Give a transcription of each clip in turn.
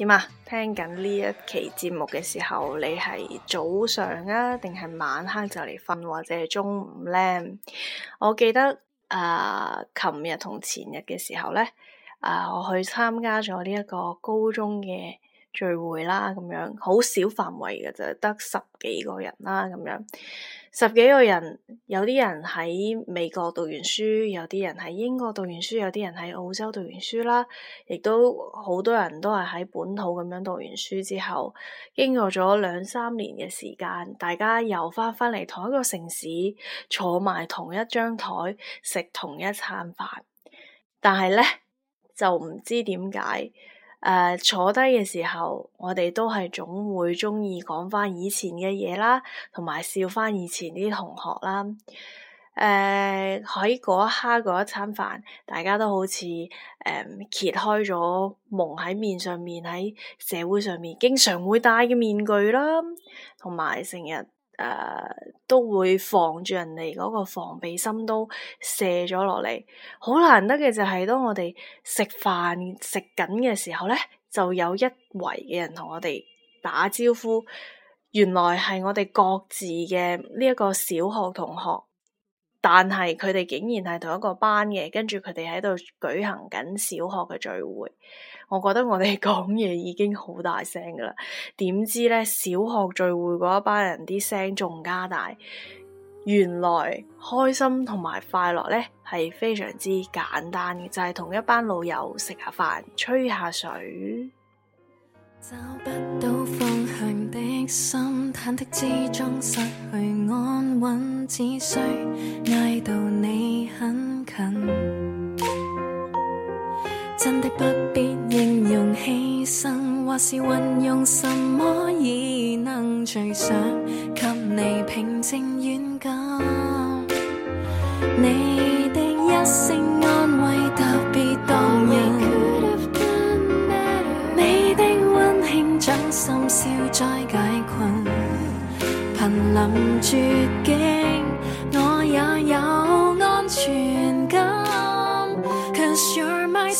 點啊？聽緊呢一期節目嘅時候，你係早上啊，定係晚黑就嚟瞓，或者係中午咧？我記得誒，琴、呃、日同前日嘅時候咧，誒、呃，我去參加咗呢一個高中嘅。聚會啦，咁樣好少範圍嘅就得十幾個人啦，咁樣十幾個人，有啲人喺美國讀完書，有啲人喺英國讀完書，有啲人喺澳洲讀完書啦，亦都好多人都係喺本土咁樣讀完書之後，經過咗兩三年嘅時間，大家又翻返嚟同一個城市，坐埋同一張台食同一餐飯，但係呢，就唔知點解。誒、呃，坐低嘅時候，我哋都係總會鍾意講翻以前嘅嘢啦，同埋笑翻以前啲同學啦。誒、呃，喺嗰一刻嗰一餐飯，大家都好似誒、呃、揭開咗蒙喺面上面喺社會上面經常會戴嘅面具啦，同埋成日。誒，都會防住人哋嗰個防備心都卸咗落嚟，好難得嘅就係、是、當我哋食飯食緊嘅時候咧，就有一圍嘅人同我哋打招呼，原來係我哋各自嘅呢一個小學同學。但係佢哋竟然係同一個班嘅，跟住佢哋喺度舉行緊小學嘅聚會。我覺得我哋講嘢已經好大聲噶啦，點知呢，小學聚會嗰一班人啲聲仲加大。原來開心同埋快樂呢係非常之簡單嘅，就係同一班老友食下飯，吹下水。找不到方向的。忐忑之中失去安穩，只需嗌到你很近。真的不必形容犧牲，或是運用什麼異能，最想給你平靜遠近。你的一聲。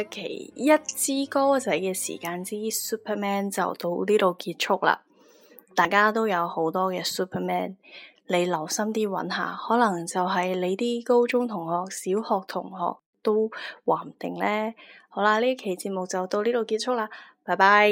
一期一支歌仔嘅時間之 Superman 就到呢度結束啦！大家都有好多嘅 Superman，你留心啲揾下，可能就係你啲高中同學、小學同學都話唔定呢。好啦，呢期節目就到呢度結束啦，拜拜。